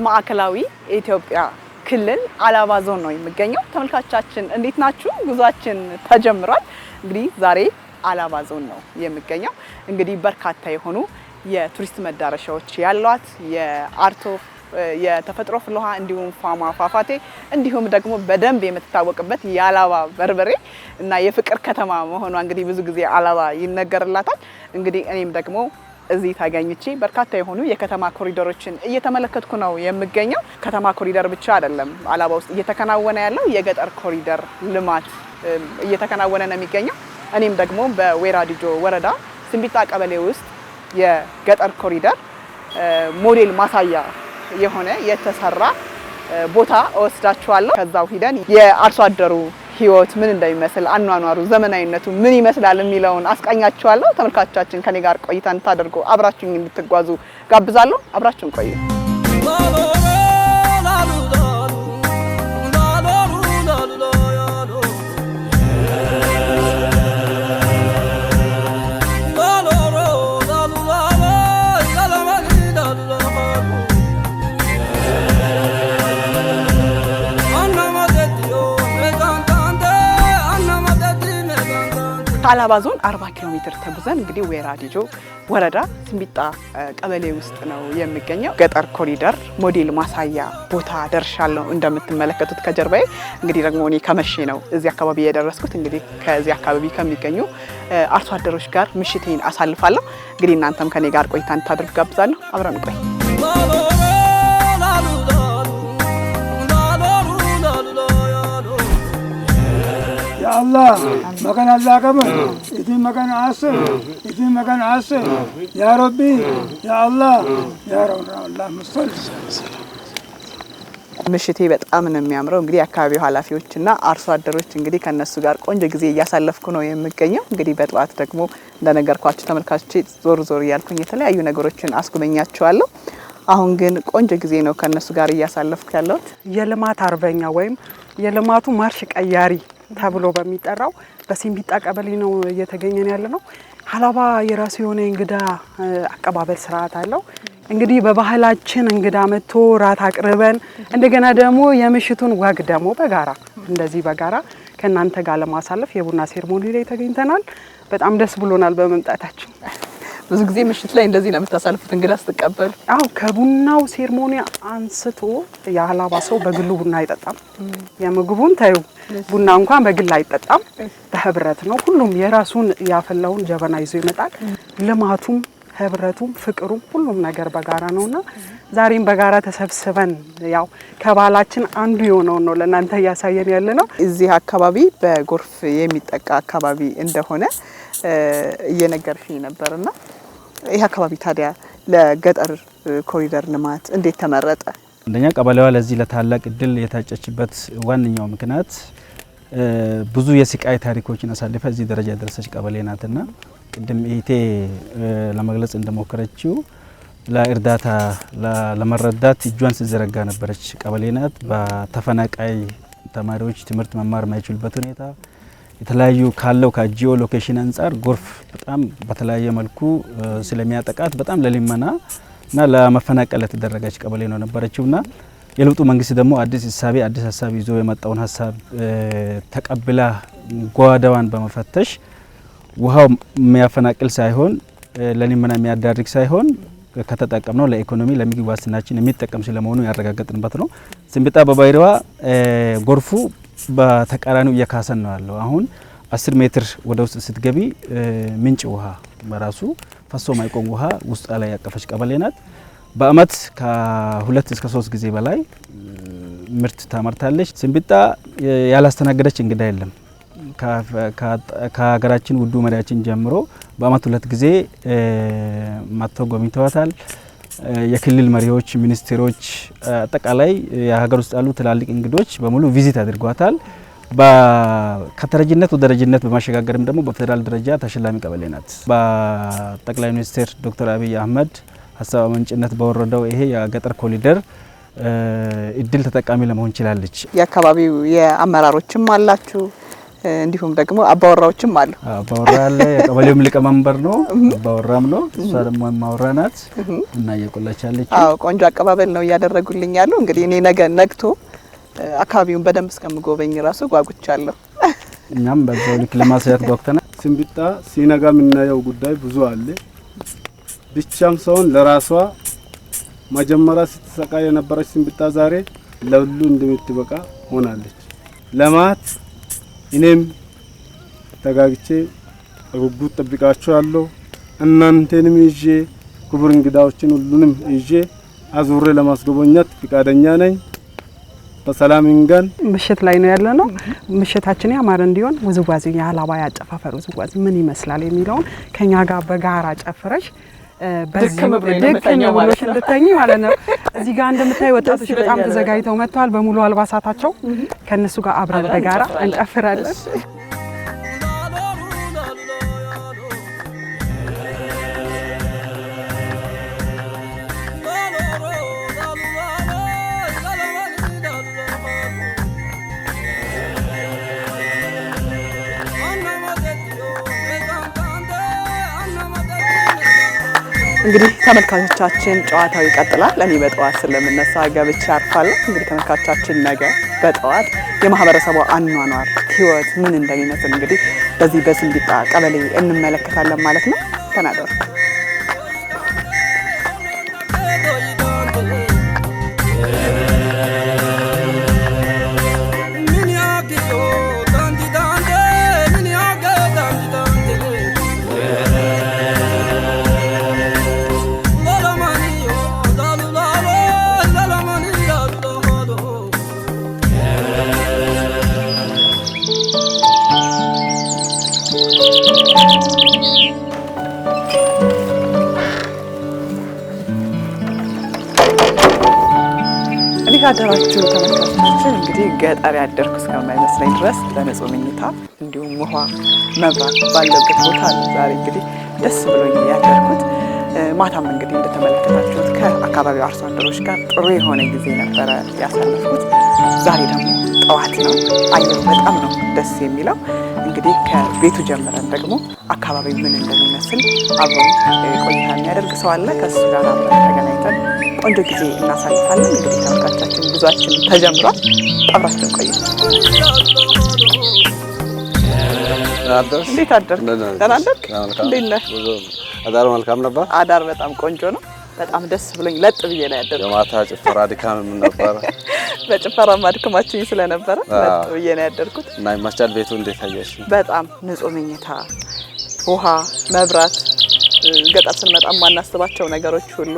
مع كلاوي የኢትዮጵያ ክልል አላባ ዞን ነው የሚገኘው። ተመልካቻችን እንዴት ናችሁ? ጉዟችን ተጀምሯል። እንግዲህ ዛሬ አላባ ዞን ነው የሚገኘው። እንግዲህ በርካታ የሆኑ የቱሪስት መዳረሻዎች ያሏት የአርቶ የተፈጥሮ ፍልውሃ እንዲሁም ፋማ ፏፏቴ እንዲሁም ደግሞ በደንብ የምትታወቅበት የአላባ በርበሬ እና የፍቅር ከተማ መሆኗ እንግዲህ ብዙ ጊዜ አላባ ይነገርላታል። እንግዲህ እኔም ደግሞ እዚህ ታገኝቺ በርካታ የሆኑ የከተማ ኮሪደሮችን እየተመለከትኩ ነው የምገኘው። ከተማ ኮሪደር ብቻ አይደለም አላባ ውስጥ እየተከናወነ ያለው የገጠር ኮሪደር ልማት እየተከናወነ ነው የሚገኘው። እኔም ደግሞ በዌራ ዲጆ ወረዳ ስንቢጣ ቀበሌ ውስጥ የገጠር ኮሪደር ሞዴል ማሳያ የሆነ የተሰራ ቦታ እወስዳችኋለሁ። ከዛው ሂደን የአርሶ አደሩ ህይወት ምን እንደሚመስል አኗኗሩ፣ ዘመናዊነቱ ምን ይመስላል የሚለውን አስቃኛችኋለሁ። ተመልካቾቻችን ከኔ ጋር ቆይታ እንድታደርጉ አብራችሁኝ እንድትጓዙ ጋብዛለሁ። አብራችሁን ቆዩ። ከአላባ ዞን 40 ኪሎ ሜትር ተጉዘን እንግዲህ ወይራ ዲጆ ወረዳ ስምቢጣ ቀበሌ ውስጥ ነው የሚገኘው። ገጠር ኮሪደር ሞዴል ማሳያ ቦታ ደርሻለሁ። እንደምትመለከቱት ከጀርባዬ እንግዲህ ደግሞ እኔ ከመሼ ነው እዚህ አካባቢ የደረስኩት። እንግዲህ ከዚህ አካባቢ ከሚገኙ አርሶ አደሮች ጋር ምሽቴን አሳልፋለሁ። እንግዲህ እናንተም ከኔ ጋር ቆይታ እንድታደርጉ ጋብዛለሁ። አብረን ቆይ Allah makan Allah mı? İdin makan asır. İdin makan asır. Ya Rabbi, ya Allah, ya Rabbi ምሽቴ በጣም ነው የሚያምረው። እንግዲህ የአካባቢው ኃላፊዎችና አርሶ አደሮች እንግዲህ ከነሱ ጋር ቆንጆ ጊዜ እያሳለፍኩ ነው የምገኘው። እንግዲህ በጠዋት ደግሞ እንደነገርኳችሁ ተመልካቾች ዞር ዞር እያልኩኝ የተለያዩ ነገሮችን አስጎበኛችኋለሁ። አሁን ግን ቆንጆ ጊዜ ነው ከእነሱ ጋር እያሳለፍኩ ያለሁት። የልማት አርበኛ ወይም የልማቱ ማርሽ ቀያሪ ተብሎ በሚጠራው በሲምቢጣ ቀበሌ ነው እየተገኘን ያለ ነው። ሀላባ የራሱ የሆነ እንግዳ አቀባበል ስርዓት አለው። እንግዲህ በባህላችን እንግዳ መጥቶ ራት አቅርበን እንደገና ደግሞ የምሽቱን ወግ ደግሞ በጋራ እንደዚህ በጋራ ከእናንተ ጋር ለማሳለፍ የቡና ሴርሞኒ ላይ ተገኝተናል። በጣም ደስ ብሎናል በመምጣታችን። ብዙ ጊዜ ምሽት ላይ እንደዚህ ነው የምታሳልፉት? እንግዳ ስትቀበሉ? አዎ፣ ከቡናው ሴርሞኒ አንስቶ የሀላባ ሰው በግሉ ቡና አይጠጣም። የምግቡን ታዩ፣ ቡና እንኳን በግል አይጠጣም፣ በህብረት ነው። ሁሉም የራሱን ያፈላውን ጀበና ይዞ ይመጣል። ልማቱም ህብረቱም ፍቅሩም ሁሉም ነገር በጋራ ነውና ዛሬም በጋራ ተሰብስበን ያው ከባህላችን አንዱ የሆነውን ነው ለእናንተ እያሳየን ያለ ነው። እዚህ አካባቢ በጎርፍ የሚጠቃ አካባቢ እንደሆነ እየነገርሽኝ ነበርና ይህ አካባቢ ታዲያ ለገጠር ኮሪደር ልማት እንዴት ተመረጠ? አንደኛ ቀበሌዋ ለዚህ ለታላቅ እድል የታጨችበት ዋነኛው ምክንያት ብዙ የስቃይ ታሪኮችን አሳልፈ እዚህ ደረጃ የደረሰች ቀበሌ ናትና ቅድም ኢቴ ለመግለጽ እንደሞከረችው ለእርዳታ ለመረዳት እጇን ስትዘረጋ ነበረች ቀበሌ ናት። በተፈናቃይ ተማሪዎች ትምህርት መማር የማይችሉበት ሁኔታ የተለያዩ ካለው ከጂኦ ሎኬሽን አንጻር ጎርፍ በጣም በተለያየ መልኩ ስለሚያጠቃት በጣም ለልመና እና ለመፈናቀል የተደረገች ቀበሌ ነው ነበረችው ና የለውጡ መንግስት ደግሞ አዲስ እሳቤ አዲስ ሀሳብ ይዞ የመጣውን ሀሳብ ተቀብላ ጓዳዋን በመፈተሽ ውሃው የሚያፈናቅል ሳይሆን ለልመና የሚያዳርግ ሳይሆን ከተጠቀም ነው ለኢኮኖሚ ለምግብ ዋስትናችን የሚጠቀም ስለመሆኑ ያረጋገጥንበት ነው። ስንብጣ በባይረዋ ጎርፉ በተቃራኒው እየካሰን ነው ያለው። አሁን አስር ሜትር ወደ ውስጥ ስትገቢ ምንጭ ውሃ በራሱ ፈሶ ማይቆም ውሃ ውስጥ ላይ ያቀፈች ቀበሌ ናት። በአመት ከሁለት እስከ ሶስት ጊዜ በላይ ምርት ታመርታለች። ስንብጣ ያላስተናገደች እንግዳ የለም። ከሀገራችን ውዱ መሪያችን ጀምሮ በአመት ሁለት ጊዜ መጥተው ጎብኝተዋታል። የክልል መሪዎች፣ ሚኒስቴሮች፣ አጠቃላይ የሀገር ውስጥ ያሉ ትላልቅ እንግዶች በሙሉ ቪዚት አድርጓታል። ከተረጅነት ወደ ረጂነት በማሸጋገርም ደግሞ በፌዴራል ደረጃ ተሸላሚ ቀበሌ ናት። በጠቅላይ ሚኒስትር ዶክተር አብይ አህመድ ሀሳብ አመንጭነት በወረደው ይሄ የገጠር ኮሊደር እድል ተጠቃሚ ለመሆን ችላለች። የአካባቢው የአመራሮችም አላችሁ እንዲሁም ደግሞ አባወራዎችም አሉ። አባወራ አለ። የቀበሌውም ሊቀመንበር ነው፣ አባወራም ነው። እሷ ደግሞ ማውራ ናት እና እየቆላች አዎ ቆንጆ አቀባበል ነው እያደረጉልኝ ያሉ እንግዲህ እኔ ነገ ነግቶ አካባቢውን በደንብ እስከምጎበኝ ራሱ ጓጉቻለሁ። እኛም በዛው ልክ ለማሳየት ጓጉተናል። ስንብጣ ሲነጋ የምናየው ጉዳይ ብዙ አለ። ብቻም ሰውን ለራሷ መጀመሪያ ስትሰቃይ የነበረች ስንብጣ ዛሬ ለሁሉ እንደምትበቃ ሆናለች ለማት እኔም ተጋግቼ በጉጉት ጠብቃችኋለሁ። እናንተንም ይዤ ክቡር እንግዳዎችን ሁሉንም ይዤ አዙሬ ለማስጎበኘት ፍቃደኛ ነኝ። በሰላም እንጋን ምሽት ላይ ነው ያለ ነው። ምሽታችን ያማረ እንዲሆን ውዝዋዜ የሀላባ ያጨፋፈር ውዝዋዜ ምን ይመስላል የሚለውን ከኛ ጋር በጋራ ጨፍረሽ ድክም ብሎሽ እንድተኝ ማለት ነው። እዚህ ጋር እንደምታይ ወጣቶች በጣም ተዘጋጅተው መጥተዋል። በሙሉ አልባሳታቸው ከእነሱ ጋር አብረን በጋራ እንጨፍራለን። እንግዲህ ተመልካቾቻችን ጨዋታው ይቀጥላል። እኔ በጠዋት ስለምነሳ ገብቼ አርፋለሁ። እንግዲህ ተመልካቾቻችን ነገ በጠዋት የማህበረሰቡ አኗኗር ህይወት ምን እንደሚመስል እንግዲህ በዚህ በስንቢጣ ቀበሌ እንመለከታለን ማለት ነው። ተናደሩ አመለጋገባችሁ ተመልካቾቻችን እንግዲህ ገጠር ያደርኩ እስከማይመስለኝ ድረስ ለንጹህ መኝታ እንዲሁም ውሃ መብራት ባለበት ቦታ ዛሬ እንግዲህ ደስ ብሎኝ ያደርኩት። ማታም እንግዲህ እንደተመለከታችሁት ከአካባቢው አርሶ አደሮች ጋር ጥሩ የሆነ ጊዜ ነበረ ያሳለፍኩት። ዛሬ ደግሞ ጠዋት ነው። አየሩ በጣም ነው ደስ የሚለው። እንግዲህ ከቤቱ ጀምረን ደግሞ አካባቢ ምን እንደሚመስል አብሮን ቆይታ የሚያደርግ ሰው አለ። ከእሱ ጋር አብረን ተገናኝተን ቆንጆ ጊዜ እናሳልፋለን። እንግዲህ ተመልካቻችን ብዙችን ተጀምሯል። አብራችን ቆይ። እንዴት አደርክ? ደህና አደርክ? እንዴት ነህ? አዳር መልካም ነበር። አዳር በጣም ቆንጆ ነው። በጣም ደስ ብሎኝ ለጥ ብዬ ነው ያደርኩት። የማታ ጭፈራ ድካምም ነበረ። በጭፈራ ማድከማችሁኝ ስለነበረ ለጥ ብዬ ነው ያደርኩት እና ይመቻል። ቤቱ እንዴት አየሽ? በጣም ንጹህ መኝታ፣ ውሃ፣ መብራት፣ ገጠር ስንመጣ ማናስባቸው ነገሮች ሁሉ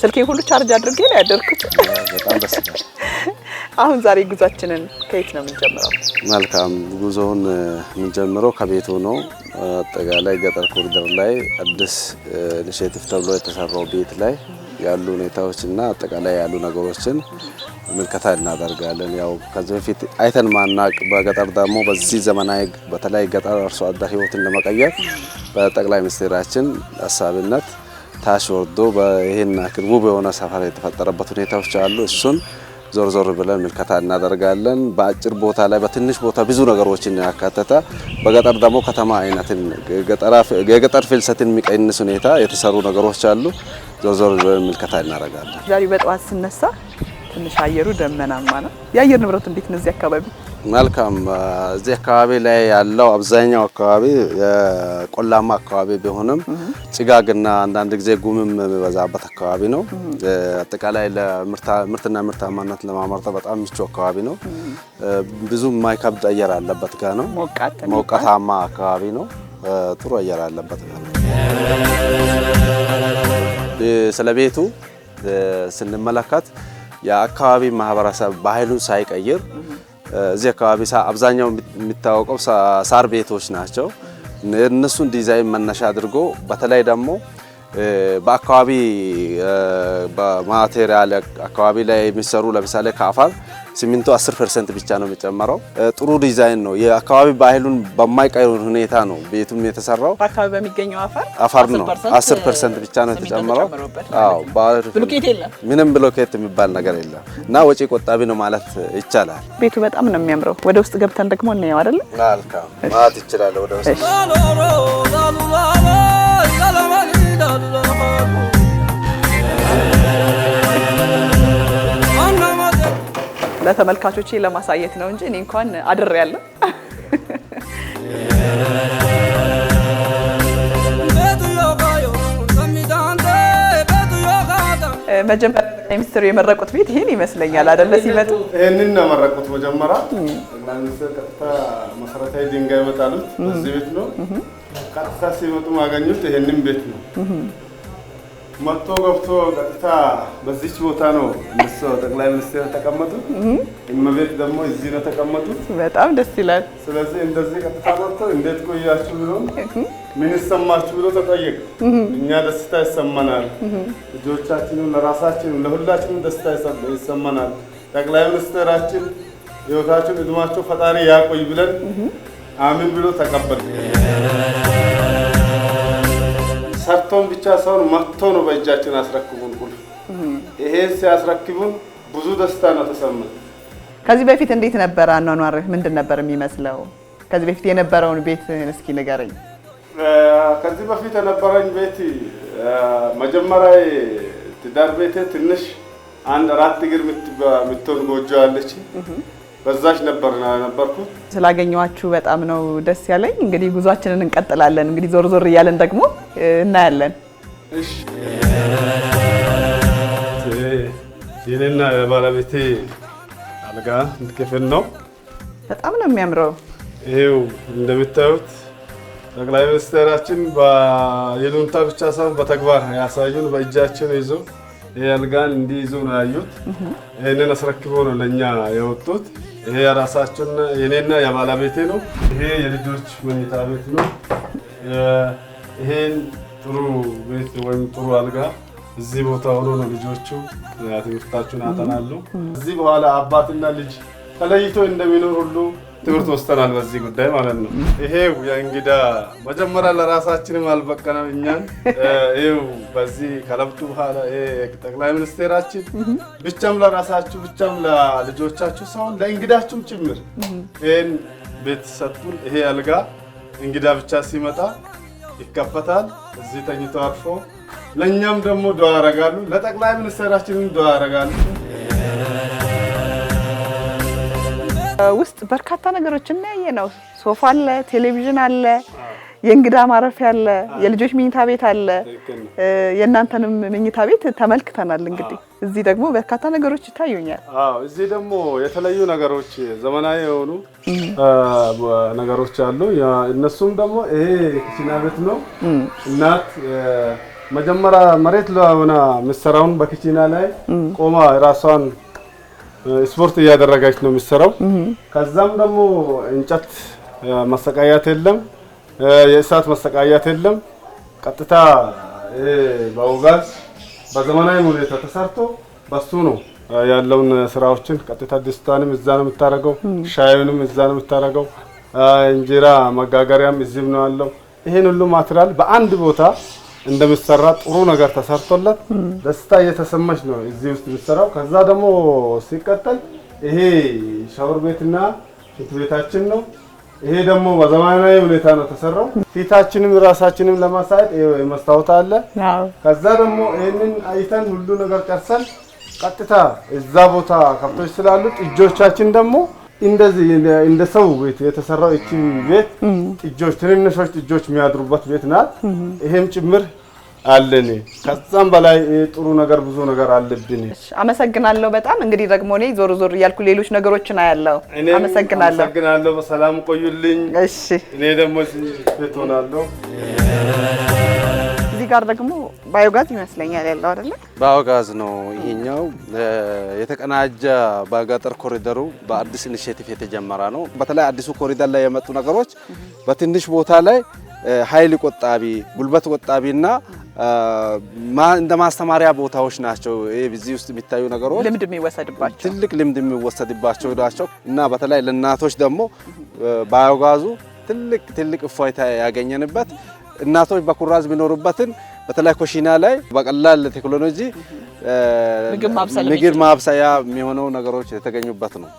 ስልኬን ሁሉ ቻርጅ አድርጌ ነው ያደርኩት። አሁን ዛሬ ጉዟችንን ከየት ነው የምንጀምረው? መልካም ጉዞውን የምንጀምረው ከቤቱ ነው። አጠቃላይ ገጠር ኮሪደር ላይ አዲስ ኢኒሽቲቭ ተብሎ የተሰራው ቤት ላይ ያሉ ሁኔታዎች እና አጠቃላይ ያሉ ነገሮችን ምልከታ እናደርጋለን። ያው ከዚህ በፊት አይተን ማናቅ በገጠር ደግሞ በዚህ ዘመናዊ በተለይ ገጠር አርሶ አደር ህይወትን ለመቀየር በጠቅላይ ሚኒስትራችን አሳቢነት ታች ወርዶ ይህን ያክል ውብ የሆነ ሰፈር የተፈጠረበት ሁኔታዎች አሉ። እሱን ዞር ዞር ብለን ምልከታ እናደርጋለን። በአጭር ቦታ ላይ በትንሽ ቦታ ብዙ ነገሮችን ያካተተ በገጠር ደግሞ ከተማ አይነትን የገጠር ፍልሰትን የሚቀንስ ሁኔታ የተሰሩ ነገሮች አሉ። ዞር ዞር ብለን ምልከታ እናደርጋለን። ዛሬ በጠዋት ስነሳ ትንሽ አየሩ ደመናማ ነው። የአየር ንብረቱ እንዴት ነው እዚህ አካባቢ? መልካም። እዚህ አካባቢ ላይ ያለው አብዛኛው አካባቢ የቆላማ አካባቢ ቢሆንም ጭጋግና አንዳንድ ጊዜ ጉምም የሚበዛበት አካባቢ ነው። አጠቃላይ ለምርትና ምርታማነት ለማመርጠ በጣም ምቹ አካባቢ ነው። ብዙ ማይከብድ አየር አለበት ጋ ነው። ሞቃታማ አካባቢ ነው። ጥሩ አየር አለበት ጋ ነው። ስለ ቤቱ ስንመለከት የአካባቢ ማህበረሰብ ባህሉን ሳይቀይር እዚህ አካባቢ አብዛኛው የሚታወቀው ሳር ቤቶች ናቸው። እነሱን ዲዛይን መነሻ አድርጎ በተለይ ደግሞ በአካባቢ በማቴሪያል አካባቢ ላይ የሚሰሩ ለምሳሌ ከአፈር ሲሚንቶ 10 ፐርሰንት ብቻ ነው የሚጨመረው። ጥሩ ዲዛይን ነው። የአካባቢ ባህሉን በማይቀይር ሁኔታ ነው ቤቱም የተሰራው። አካባቢ በሚገኘው አፈር አፈር ነው። 10 ፐርሰንት ብቻ ነው የተጨመረው። አዎ፣ ብሎኬት ምንም ብሎኬት የሚባል ነገር የለም እና ወጪ ቆጣቢ ነው ማለት ይቻላል። ቤቱ በጣም ነው የሚያምረው። ወደ ውስጥ ገብተን ደግሞ እናየው አይደል? መልካም ማለት ይችላል ወደ ውስጥ ለተመልካቾቼ ለማሳየት ነው እንጂ እኔ እንኳን አድር መጀመሪያ ሚኒስትሩ የመረቁት ቤት ይህን ይመስለኛል አይደለ? ሲመጡ ይህንን ነው የመረቁት። መጀመሪያ ጠቅላይ ሚኒስትር ቀጥታ መሰረታዊ ድንጋይ ይመጣሉት እዚህ ቤት ነው። ቀጥታ ሲመጡ ማገኙት ይህንን ቤት ነው። መጥቶ ገብቶ ቀጥታ በዚች ቦታ ነው እነሱ ጠቅላይ ሚኒስቴር ተቀመጡት፣ እመቤት ደግሞ እዚህ ነው ተቀመጡት። በጣም ደስ ይላል። ስለዚህ እንደዚህ ቀጥታ ገብቶ እንዴት ቆያችሁ ብሎ ምን ይሰማችሁ ብሎ ተጠየቅ። እኛ ደስታ ይሰማናል፣ ልጆቻችንም፣ ለራሳችንም ለሁላችንም ደስታ ይሰማናል። ጠቅላይ ሚኒስቴራችን ሕይወታችሁን እድማቸው ፈጣሪ ያቆይ ብለን አሚን ብሎ ተቀበል ሰርቶን ብቻ ሳይሆን መጥቶ ነው በእጃችን አስረክቡን ቁልፍ። ይሄ ሲያስረክቡን ብዙ ደስታ ነው ተሰማ? ከዚህ በፊት እንዴት ነበር አኗኗር? ምንድን ነበር የሚመስለው? ከዚህ በፊት የነበረውን ቤት እስኪ ንገረኝ። ከዚህ በፊት የነበረኝ ቤት መጀመሪያ ትዳር ቤቴ ትንሽ አንድ አራት እግር የምትሆን ጎጆ አለች። በዛች ነበር ነበርኩ። ስላገኘኋችሁ በጣም ነው ደስ ያለኝ። እንግዲህ ጉዟችንን እንቀጥላለን። እንግዲህ ዞር ዞር እያለን ደግሞ እናያለን። ይህንና የባለቤቴ አልጋ ክፍል ነው። በጣም ነው የሚያምረው። ይሄው እንደምታዩት ጠቅላይ ሚኒስትራችን የሉንታ ብቻ ሳይሆን በተግባር ያሳዩን በእጃችን ይዞ ይህ አልጋን እንዲህ ነው ያዩት። ይህንን አስረክቦ ነው ለእኛ የወጡት። ይሄ የራሳችን የኔና የባለቤቴ ነው። ይሄ የልጆች መኝታ ቤት ነው። ይሄን ጥሩ ቤት ወይም ጥሩ አልጋ እዚህ ቦታ ሆኖ ነው ልጆቹ ትምህርታችሁን ያጠናሉ። እዚህ በኋላ አባትና ልጅ ተለይቶ እንደሚኖር ሁሉ ትምህርት ወስተናል በዚህ ጉዳይ ማለት ነው። ይሄው የእንግዳ መጀመሪያ ለራሳችንም አልበቀነም እኛን ይው በዚህ ከለብቱ በኋላ ጠቅላይ ሚኒስቴራችን ብቻም ለራሳችሁ ብቻም ለልጆቻችሁ ሳይሆን ለእንግዳችሁም ጭምር ይህን ቤት ሰጡን። ይሄ አልጋ እንግዳ ብቻ ሲመጣ ይከፈታል፣ እዚህ ተኝቶ አርፎ ለእኛም ደግሞ ዱዓ ያረጋሉ፣ ለጠቅላይ ሚኒስቴራችንም ዱዓ ያረጋሉ። ውስጥ በርካታ ነገሮችን ያየ ነው። ሶፋ አለ፣ ቴሌቪዥን አለ፣ የእንግዳ ማረፊያ አለ፣ የልጆች ምኝታ ቤት አለ። የእናንተንም ምኝታ ቤት ተመልክተናል። እንግዲህ እዚህ ደግሞ በርካታ ነገሮች ይታዩኛል። እዚህ ደግሞ የተለዩ ነገሮች ዘመናዊ የሆኑ ነገሮች አሉ። እነሱም ደግሞ ይሄ ክችና ቤት ነው። እናት መጀመሪያ መሬት ለሆነ ምሰራውን በኪችና ላይ ቆማ ራሷን ስፖርት እያደረጋች ነው የሚሰራው። ከዛም ደግሞ እንጨት መሰቃያት የለም፣ የእሳት መሰቃያት የለም። ቀጥታ በውጋዝ በዘመናዊ ሁኔታ ተሰርቶ በሱ ነው ያለውን ስራዎችን ቀጥታ ድስቷንም እዛ ነው የምታደርገው፣ ሻዩንም እዛ ነው የምታደርገው፣ እንጀራ መጋገሪያም እዚህም ነው ያለው። ይህን ሁሉ ማትሪያል በአንድ ቦታ እንደምትሰራ ጥሩ ነገር ተሰርቶለት ደስታ እየተሰማች ነው እዚህ ውስጥ የምትሰራው። ከዛ ደግሞ ሲቀጠል ይሄ ሻወር ቤትና ፊት ቤታችን ነው። ይሄ ደግሞ በዘመናዊ ሁኔታ ነው ተሰራው። ፊታችንም ራሳችንም ለማሳየት መስታወት አለ። ከዛ ደግሞ ይህንን አይተን ሁሉ ነገር ጨርሰን ቀጥታ እዛ ቦታ ከብቶች ስላሉት ጥጆቻችን ደግሞ እንደዚህ እንደ ሰው ቤት የተሰራው እቺ ቤት ጥጆች ትንንሾች ጥጆች የሚያድሩበት ቤት ናት። ይሄም ጭምር አለን። ከዛም በላይ ጥሩ ነገር ብዙ ነገር አለብን። አመሰግናለሁ በጣም እንግዲህ ደግሞ እኔ ዞር ዞር እያልኩ ሌሎች ነገሮችን አያለሁ። አመሰግናለሁ። አመሰግናለሁ። በሰላም ቆዩልኝ። እሺ፣ እኔ ደግሞ ቤት እዚህ ጋር ደግሞ ባዮጋዝ ይመስለኛል ያለው አይደለ? ባዮጋዝ ነው ይሄኛው። የተቀናጀ በገጠር ኮሪደሩ በአዲስ ኢኒሼቲቭ የተጀመረ ነው። በተለይ አዲሱ ኮሪደር ላይ የመጡ ነገሮች በትንሽ ቦታ ላይ ኃይል ቆጣቢ፣ ጉልበት ቆጣቢና እንደ ማስተማሪያ ቦታዎች ናቸው። እዚህ ውስጥ የሚታዩ ነገሮች ልምድ የሚወሰድባቸው ትልቅ ልምድ የሚወሰድባቸው ናቸው እና በተለይ ለእናቶች ደግሞ ባዮጋዙ ትልቅ ትልቅ እፎይታ ያገኘንበት እናቶች በኩራዝ ቢኖሩበትን በተለይ ኮሽና ላይ በቀላል ቴክኖሎጂ ምግብ ማብሰያ የሚሆነው ነገሮች የተገኙበት ነው።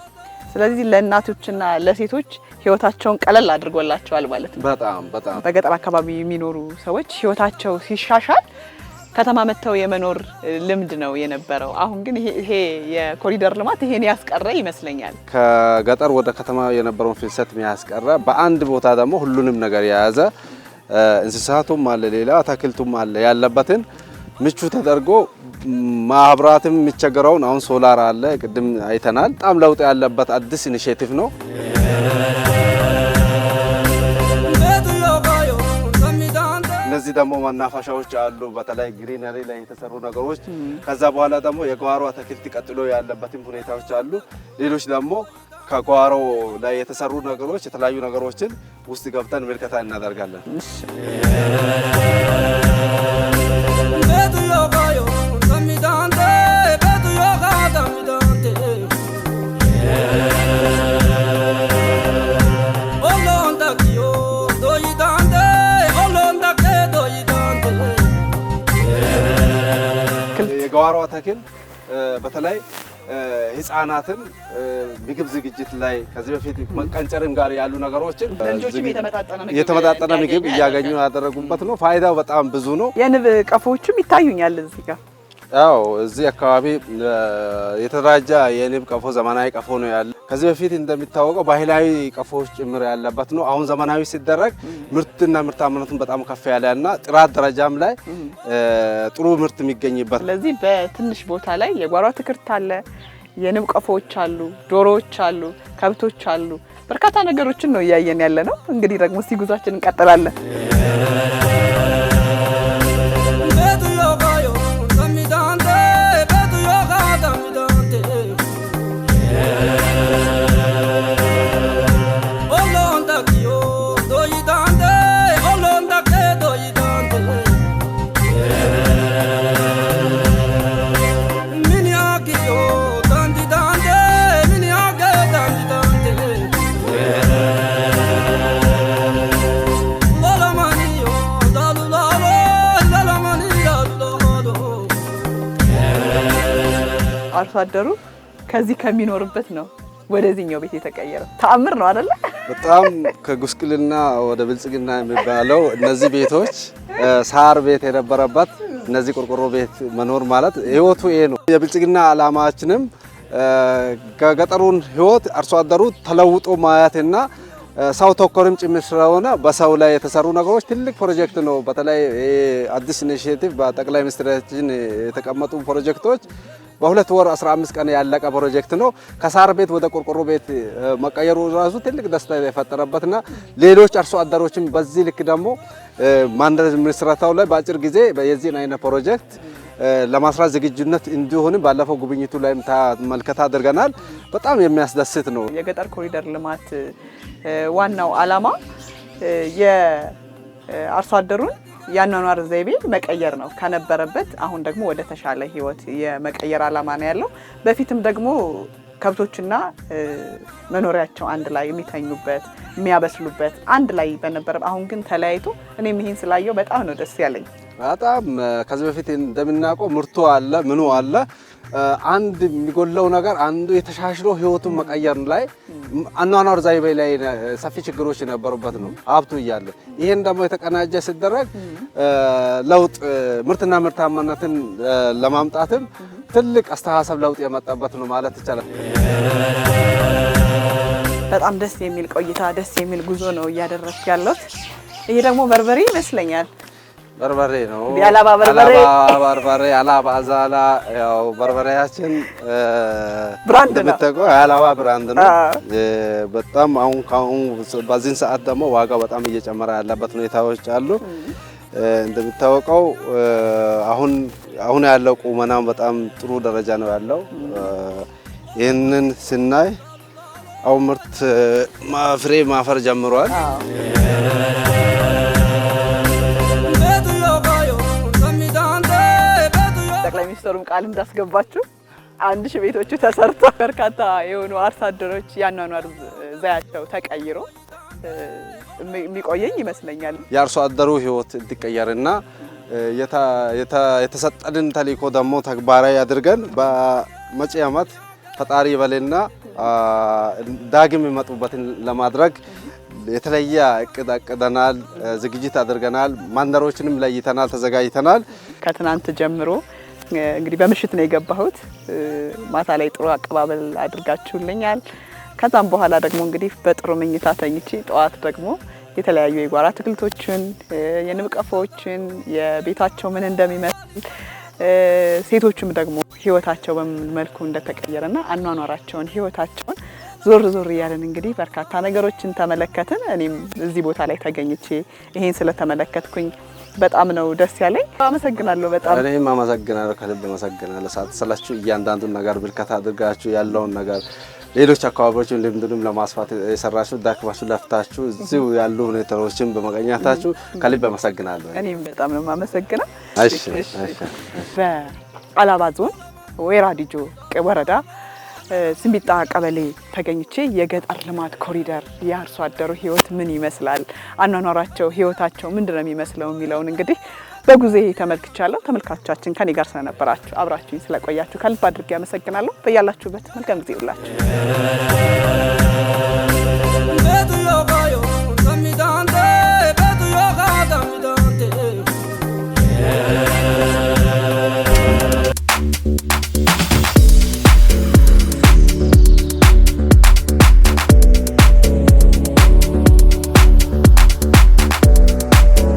ስለዚህ ለእናቶችና ለሴቶች ህይወታቸውን ቀለል አድርጎላቸዋል ማለት ነው። በጣም በጣም በገጠር አካባቢ የሚኖሩ ሰዎች ህይወታቸው ሲሻሻል ከተማ መጥተው የመኖር ልምድ ነው የነበረው። አሁን ግን ይሄ የኮሪደር ልማት ይሄን ያስቀረ ይመስለኛል። ከገጠር ወደ ከተማ የነበረውን ፍልሰት ያስቀረ፣ በአንድ ቦታ ደግሞ ሁሉንም ነገር የያዘ እንስሳቱም አለ፣ ሌላ አታክልቱም አለ ያለበትን ምቹ ተደርጎ ማብራትም የሚቸገረውን አሁን ሶላር አለ፣ ቅድም አይተናል። በጣም ለውጥ ያለበት አዲስ ኢኒሽቲቭ ነው። እነዚህ ደግሞ መናፈሻዎች አሉ፣ በተለይ ግሪነሪ ላይ የተሰሩ ነገሮች። ከዛ በኋላ ደግሞ የጓሮ አትክልት ቀጥሎ ያለበትም ሁኔታዎች አሉ። ሌሎች ደግሞ ከጓሮ ላይ የተሰሩ ነገሮች የተለያዩ ነገሮችን ውስጥ ገብተን ምልከታ እናደርጋለን። የጓሮ ተክል በተለይ ህፃናትን ምግብ ዝግጅት ላይ ከዚህ በፊት መቀንጨርም ጋር ያሉ ነገሮችን የተመጣጠነ ምግብ እያገኙ ያደረጉበት ነው። ፋይዳው በጣም ብዙ ነው። የንብ ቀፎዎችም ይታዩኛል እዚህ ጋር ያው እዚህ አካባቢ የተደራጀ የንብ ቀፎ ዘመናዊ ቀፎ ነው ያለ። ከዚህ በፊት እንደሚታወቀው ባህላዊ ቀፎዎች ጭምር ያለበት ነው። አሁን ዘመናዊ ሲደረግ ምርትና ምርታማነቱን በጣም ከፍ ያለ እና ጥራት ደረጃም ላይ ጥሩ ምርት የሚገኝበት። ስለዚህ በትንሽ ቦታ ላይ የጓሮ አትክልት አለ፣ የንብ ቀፎዎች አሉ፣ ዶሮዎች አሉ፣ ከብቶች አሉ። በርካታ ነገሮችን ነው እያየን ያለ ነው። እንግዲህ ደግሞ እስቲ ጉዟችን እንቀጥላለን። አደሩ ከዚህ ከሚኖርበት ነው ወደዚህኛው ቤት የተቀየረው። ተአምር ነው አይደለ? በጣም ከጉስቅልና ወደ ብልጽግና የሚባለው እነዚህ ቤቶች ሳር ቤት የነበረበት እነዚህ ቆርቆሮ ቤት መኖር ማለት ህይወቱ ይሄ ነው። የብልጽግና አላማችንም ከገጠሩን ህይወት አርሶ አደሩ ተለውጦ ማየትና ሰው ተኮርም ጭምር ስለሆነ በሰው ላይ የተሰሩ ነገሮች ትልቅ ፕሮጀክት ነው። በተለይ አዲስ ኢኒሽቲቭ በጠቅላይ ሚኒስትራችን የተቀመጡ ፕሮጀክቶች በሁለት ወር 15 ቀን ያለቀ ፕሮጀክት ነው። ከሳር ቤት ወደ ቆርቆሮ ቤት መቀየሩ ራሱ ትልቅ ደስታ የፈጠረበትና ሌሎች አርሶ አደሮችም በዚህ ልክ ደግሞ ማንደረጅ ምስረታው ላይ በአጭር ጊዜ የዚህን አይነት ፕሮጀክት ለማስራት ዝግጁነት እንዲሆን ባለፈው ጉብኝቱ ላይም ተመልከታ አድርገናል። በጣም የሚያስደስት ነው። የገጠር ኮሪደር ልማት ዋናው ዓላማ የአርሶ አደሩን የአኗኗር ዘይቤ መቀየር ነው ከነበረበት አሁን ደግሞ ወደ ተሻለ ህይወት የመቀየር ዓላማ ነው ያለው። በፊትም ደግሞ ከብቶችና መኖሪያቸው አንድ ላይ የሚተኙበት የሚያበስሉበት አንድ ላይ በነበረ፣ አሁን ግን ተለያይቶ እኔም ይሄን ስላየው በጣም ነው ደስ ያለኝ። በጣም ከዚህ በፊት እንደምናውቀው ምርቱ አለ ምኑ አለ አንድ የሚጎለው ነገር አንዱ የተሻሽሎ ህይወቱን መቀየር ላይ አኗኗር ዘይቤ ላይ ሰፊ ችግሮች የነበሩበት ነው ሀብቱ እያለ ይህን ደግሞ የተቀናጀ ሲደረግ ለውጥ ምርትና ምርታማነትን ለማምጣትም ትልቅ አስተሳሰብ ለውጥ የመጣበት ነው ማለት ይቻላል። በጣም ደስ የሚል ቆይታ፣ ደስ የሚል ጉዞ ነው እያደረግኩ ያለሁት። ይሄ ደግሞ በርበሬ ይመስለኛል። በርበሬ ነው። የአላባ በርበሬ አላባ ዛላ። ያው በርበሬያችን ብራንድ ነው፣ የአላባ ብራንድ ነው። በጣም አሁን ካሁን በዚህን ሰዓት ደግሞ ዋጋው በጣም እየጨመረ ያለበት ሁኔታዎች አሉ። እንደሚታወቀው አሁን አሁን ያለው ቁመናም በጣም ጥሩ ደረጃ ነው ያለው። ይህንን ስናይ አሁን ምርት ፍሬ ማፈር ጀምሯል። ኮሚሽነሩም ቃል እንዳስገባችሁ አንድ ሺህ ቤቶቹ ተሰርቶ በርካታ የሆኑ አርሶ አደሮች ያኗኗር ዘያቸው ተቀይሮ የሚቆየኝ ይመስለኛል። የአርሶ አደሩ ህይወት እንዲቀየርና የተሰጠንን ተልእኮ ደግሞ ተግባራዊ አድርገን በመጪ ዓመት ፈጣሪ በሌና ዳግም የመጡበትን ለማድረግ የተለየ እቅድ አቅደናል፣ ዝግጅት አድርገናል። መንደሮችንም ለይተናል፣ ተዘጋጅተናል። ከትናንት ጀምሮ እንግዲህ በምሽት ነው የገባሁት። ማታ ላይ ጥሩ አቀባበል አድርጋችሁልኛል። ከዛም በኋላ ደግሞ እንግዲህ በጥሩ ምኝታ ተኝቼ ጠዋት ደግሞ የተለያዩ የጓራ አትክልቶችን፣ የንብ ቀፎዎችን፣ የቤታቸው ምን እንደሚመስል ሴቶቹም ደግሞ ህይወታቸው በምን መልኩ እንደተቀየረና አኗኗራቸውን ህይወታቸውን ዞር ዞር እያለን እንግዲህ በርካታ ነገሮችን ተመለከትን። እኔም እዚህ ቦታ ላይ ተገኝቼ ይሄን ስለተመለከትኩኝ በጣም ነው ደስ ያለኝ። አመሰግናለሁ። በጣም እኔም አመሰግናለሁ፣ ከልብ አመሰግናለሁ። ሰዓት ስላችሁ እያንዳንዱን ነገር ብልከት አድርጋችሁ ያለውን ነገር ሌሎች አካባቢዎችን ልምድንም ለማስፋት የሰራችሁ ዳክማችሁ ለፍታችሁ እዚሁ ያሉ ሁኔታዎችን በመገኘታችሁ ከልብ አመሰግናለሁ። እኔም በጣም ነው የማመሰግነው። በአላባ ዞን ወይራ ዲጆ ወረዳ ስምቢጣ ቀበሌ ተገኝቼ የገጠር ልማት ኮሪደር የአርሶ አደሩ ህይወት ምን ይመስላል፣ አኗኗራቸው፣ ህይወታቸው ምንድን ነው የሚመስለው የሚለውን እንግዲህ በጉዜ ተመልክቻለሁ። ተመልካቾቻችን ከኔ ጋር ስለነበራችሁ አብራችሁኝ ስለቆያችሁ ከልብ አድርጌ አመሰግናለሁ። በያላችሁበት መልካም ጊዜ ይውላችሁ።